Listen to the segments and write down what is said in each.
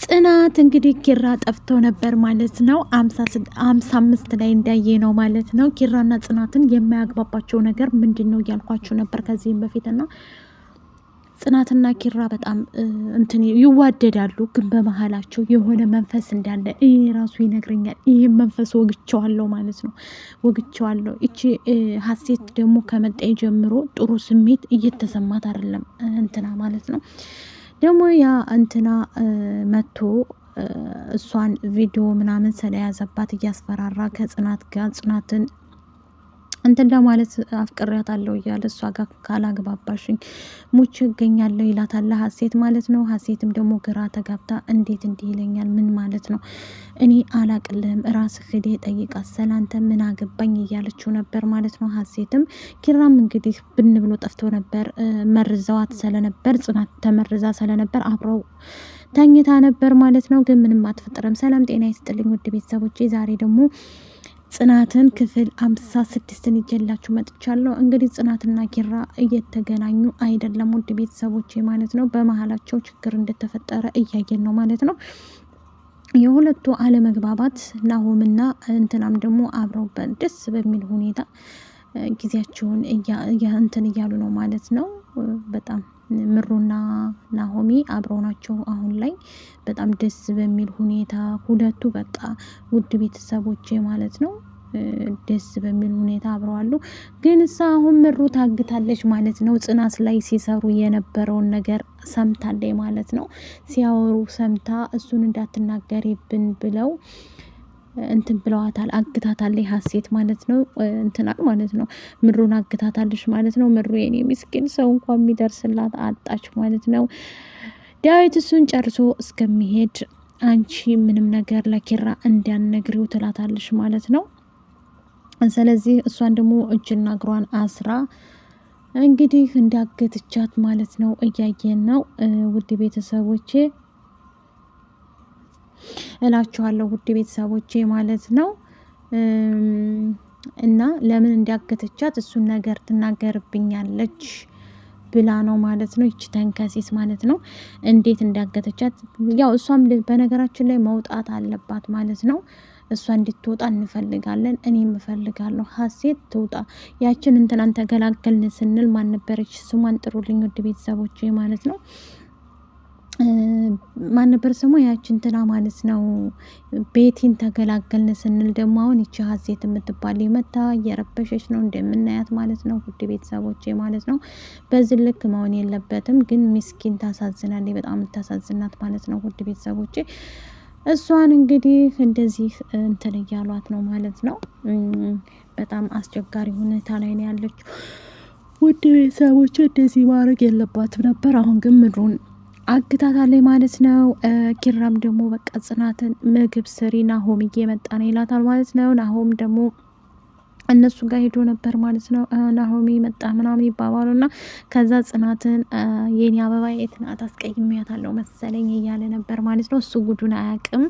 ጽናት እንግዲህ ኪራ ጠፍቶ ነበር ማለት ነው። አምሳ አምስት ላይ እንዳየ ነው ማለት ነው። ኪራና ጽናትን የማያግባባቸው ነገር ምንድን ነው እያልኳቸው ነበር ከዚህም ና ጽናትና ኪራ በጣም እንትን ይዋደዳሉ፣ ግን በመሀላቸው የሆነ መንፈስ እንዳለ ይህ ራሱ ይነግረኛል። ይህም መንፈስ ወግቸዋለሁ ማለት ነው፣ ወግቸዋለሁ። እቺ ሀሴት ደግሞ ከመጣ ጀምሮ ጥሩ ስሜት እየተሰማት አይደለም እንትና ማለት ነው ደግሞ ያ እንትና መጥቶ እሷን ቪዲዮ ምናምን ስለያዘባት እያስፈራራ ከጽናት ጋር ጽናትን እንትን ለማለት አፍቅሬያታለሁ እያለ እሷ ጋር ካላግባባሽኝ ሙች እገኛለሁ ይላታል ሀሴት ማለት ነው። ሀሴትም ደግሞ ግራ ተጋብታ እንዴት እንዲህ ይለኛል ምን ማለት ነው? እኔ አላቅልህም ራስ ሂደህ ጠይቃት ስላንተ ምን አገባኝ እያለችው ነበር ማለት ነው። ሀሴትም ኪራም እንግዲህ ብን ብሎ ጠፍቶ ነበር መርዘዋት ስለነበር ጽናት ተመርዛ ስለነበር አብረው ተኝታ ነበር ማለት ነው። ግን ምንም አትፈጥረም። ሰላም ጤና ይስጥልኝ ውድ ቤተሰቦቼ ዛሬ ደግሞ ጽናትን ክፍል አምሳ ስድስትን ይዤላችሁ መጥቻለሁ። እንግዲህ ጽናትና ኪራ እየተገናኙ አይደለም ውድ ቤተሰቦች ማለት ነው። በመሀላቸው ችግር እንደተፈጠረ እያየን ነው ማለት ነው። የሁለቱ አለመግባባት ናሆምና እንትናም ደግሞ አብረውበት ደስ በሚል ሁኔታ ጊዜያቸውን እንትን እያሉ ነው ማለት ነው በጣም ምሩና ናሆሚ አብረው ናቸው። አሁን ላይ በጣም ደስ በሚል ሁኔታ ሁለቱ በቃ ውድ ቤተሰቦቼ ማለት ነው ደስ በሚል ሁኔታ አብረዋሉ። ግን እሳ አሁን ምሩ ታግታለች ማለት ነው። ጽናት ላይ ሲሰሩ የነበረውን ነገር ሰምታለች ማለት ነው። ሲያወሩ ሰምታ እሱን እንዳትናገሪብን ብለው እንትን ብለዋታል፣ አግታታለች ሀሴት ማለት ነው። እንትና ማለት ነው ምሩን አግታታለች ማለት ነው። ምሩ የኔ ምስኪን ሰው እንኳ የሚደርስላት አጣች ማለት ነው። ዳዊት እሱን ጨርሶ እስከሚሄድ አንቺ ምንም ነገር ለኪራ እንዲያነግሪው ትላታለች ማለት ነው። ስለዚህ እሷን ደግሞ እጅና እግሯን አስራ እንግዲህ እንዳገትቻት ማለት ነው። እያየን ነው ውድ ቤተሰቦቼ እላችኋለሁ ውድ ቤተሰቦቼ ማለት ነው። እና ለምን እንዲያገተቻት እሱን ነገር ትናገርብኛለች ብላ ነው ማለት ነው። ይች ተንከሴስ ማለት ነው እንዴት እንዳገተቻት ያው እሷም በነገራችን ላይ መውጣት አለባት ማለት ነው። እሷ እንድትወጣ እንፈልጋለን፣ እኔም እፈልጋለሁ። ሀሴት ትውጣ። ያችን እንትናን ተገላገልን ስንል ማን ነበረች ስሟን ጥሩልኝ፣ ውድ ቤተሰቦች ማለት ነው። ማን ነበር ስሙ? ያች እንትና ማለት ነው። ቤቲን ተገላገልን ስንል ደግሞ አሁን ይቺ ሀሴት የምትባል መታ እየረበሸች ነው እንደምናያት ማለት ነው። ውድ ቤተሰቦቼ ማለት ነው። በዚህ ልክ መሆን የለበትም ግን ሚስኪን ታሳዝናለች፣ በጣም ታሳዝናት ማለት ነው። ውድ ቤተሰቦቼ እሷን እንግዲህ እንደዚህ እንትን እያሏት ነው ማለት ነው። በጣም አስቸጋሪ ሁኔታ ላይ ነው ያለችው። ውድ ቤተሰቦቼ እንደዚህ ማድረግ የለባትም ነበር። አሁን ግን ምድሩን አግታታለች ማለት ነው። ኪራም ደግሞ በቃ ጽናትን ምግብ ስሪ ናሆም እየመጣ ነው ይላታል ማለት ነው። ናሆም ደግሞ እነሱ ጋር ሄዶ ነበር ማለት ነው። ናሆሚ መጣ ምናምን ይባባሉ እና ከዛ ጽናትን የኔ አበባ የትናት አስቀይሜያታለሁ መሰለኝ እያለ ነበር ማለት ነው። እሱ ጉዱን አያውቅም፣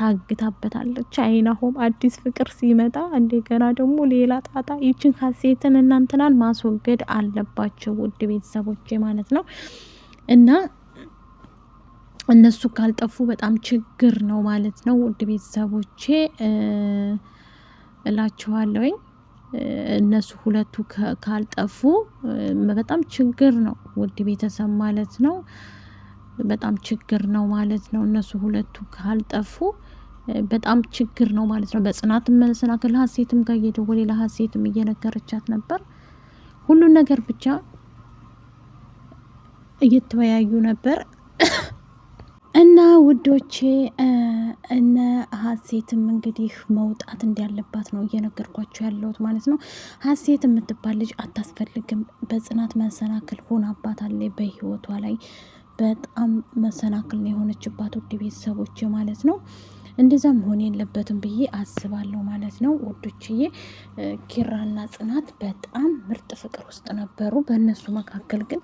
ታግታበታለች። አይ ናሆም አዲስ ፍቅር ሲመጣ እንደገና ደግሞ ሌላ ጣጣ። ይችን ካሴትን እናንትናን ማስወገድ አለባቸው ውድ ቤተሰቦቼ ማለት ነው እና እነሱ ካልጠፉ በጣም ችግር ነው ማለት ነው። ውድ ቤተሰቦቼ እላችኋለሁኝ እነሱ ሁለቱ ካልጠፉ በጣም ችግር ነው ውድ ቤተሰብ ማለት ነው። በጣም ችግር ነው ማለት ነው። እነሱ ሁለቱ ካልጠፉ በጣም ችግር ነው ማለት ነው። በጽናትም መሰናክል ሀሴትም ጋር እየደወለ ለሀሴትም እየነገረቻት ነበር። ሁሉን ነገር ብቻ እየተወያዩ ነበር። ውዶቼ እነ ሀሴትም እንግዲህ መውጣት እንዳለባት ነው እየነገርኳቸው ያለሁት ማለት ነው። ሀሴት የምትባል ልጅ አታስፈልግም። በጽናት መሰናክል አለ በህይወቷ ላይ በጣም መሰናክል የሆነችባት ውድ ቤተሰቦች ማለት ነው። እንደዛ መሆን የለበትም ብዬ አስባለሁ ማለት ነው ውዶችዬ። ኪራና ጽናት በጣም ምርጥ ፍቅር ውስጥ ነበሩ። በእነሱ መካከል ግን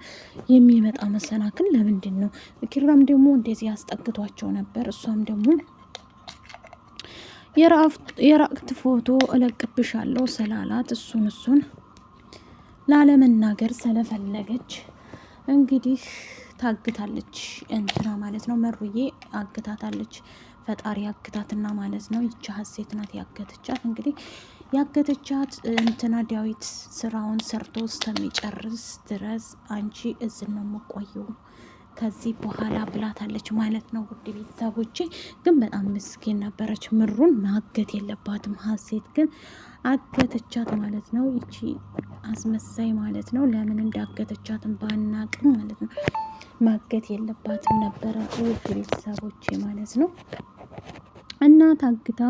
የሚመጣ መሰናክል ለምንድን ነው? ኪራም ደግሞ እንደዚህ ያስጠግቷቸው ነበር። እሷም ደግሞ የራቅት ፎቶ እለቅብሻለሁ ስላላት እሱን እሱን ላለመናገር ስለፈለገች እንግዲህ ታግታለች፣ እንትና ማለት ነው መሩዬ አግታታለች። ፈጣሪ ያግታትና ማለት ነው። ይቺ ሀሴት ናት ያገተቻት። እንግዲህ ያገተቻት እንትና ዳዊት ስራውን ሰርቶ እስከሚጨርስ ድረስ አንቺ እዝን ነው የምቆየው ከዚህ በኋላ ብላታለች ማለት ነው። ውድ ቤተሰቦቼ ግን በጣም ምስኪን ነበረች። ምሩን ማገት የለባትም ሀሴት ግን አገተቻት ማለት ነው። ይቺ አስመሳይ ማለት ነው። ለምን እንዳገተቻትን ባናቅም ማለት ነው። ማገት የለባትም ነበረ ውድ ቤተሰቦቼ ማለት ነው። እና ታግታ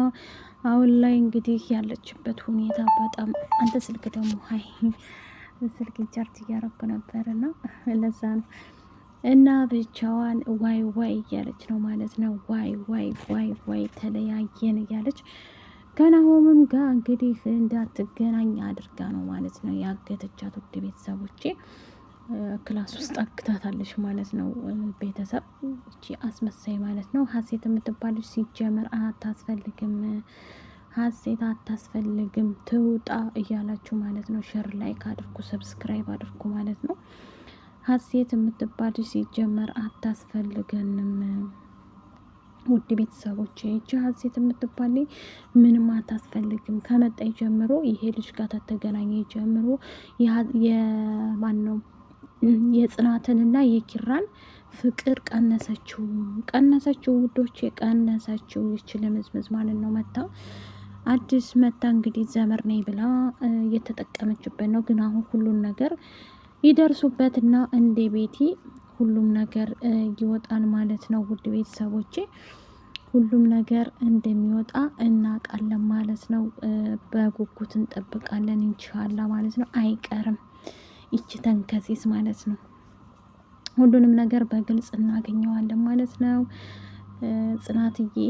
አሁን ላይ እንግዲህ ያለችበት ሁኔታ በጣም አንተ ስልክ ደግሞ ሀይ ስልክ ቻርጅ እያረኩ ነበር እና ለዛ ነው እና ብቻዋን ዋይ ዋይ እያለች ነው ማለት ነው። ዋይ ዋይ ዋይ ዋይ ተለያየን እያለች ከናሆምም ጋር እንግዲህ እንዳትገናኝ አድርጋ ነው ማለት ነው ያገተቻት ውድ ቤተሰቦቼ ክላስ ውስጥ አግታታለች ማለት ነው። ቤተሰብ እቺ አስመሳይ ማለት ነው። ሀሴት የምትባለች ሲጀመር አታስፈልግም፣ ሀሴት አታስፈልግም፣ ትውጣ እያላችሁ ማለት ነው። ሸር ላይክ አድርጉ፣ ሰብስክራይብ አድርጉ ማለት ነው። ሀሴት የምትባለች ሲጀመር አታስፈልገንም። ውድ ቤተሰቦች ይቺ ሀሴት የምትባል ምንም አታስፈልግም። ከመጣይ ጀምሮ ይሄ ልጅ ጋር ተገናኘ ጀምሮ የማን ነው የጽናትንና የኪራን ፍቅር ቀነሰችው ቀነሰችው ውዶች ቀነሰችው። ይች ለመዝመዝ ማለት ነው መታ አዲስ መታ እንግዲህ ዘመር ነኝ ብላ እየተጠቀመችበት ነው። ግን አሁን ሁሉን ነገር ይደርሱበትና እንደ ቤቲ ሁሉም ነገር ይወጣል ማለት ነው። ውድ ቤተሰቦቼ ሁሉም ነገር እንደሚወጣ እናውቃለን ማለት ነው። በጉጉት እንጠብቃለን። እንችላለን ማለት ነው። አይቀርም ይቺ ተንከሲስ ማለት ነው። ሁሉንም ነገር በግልጽ እናገኘዋለን ማለት ነው ጽናትዬ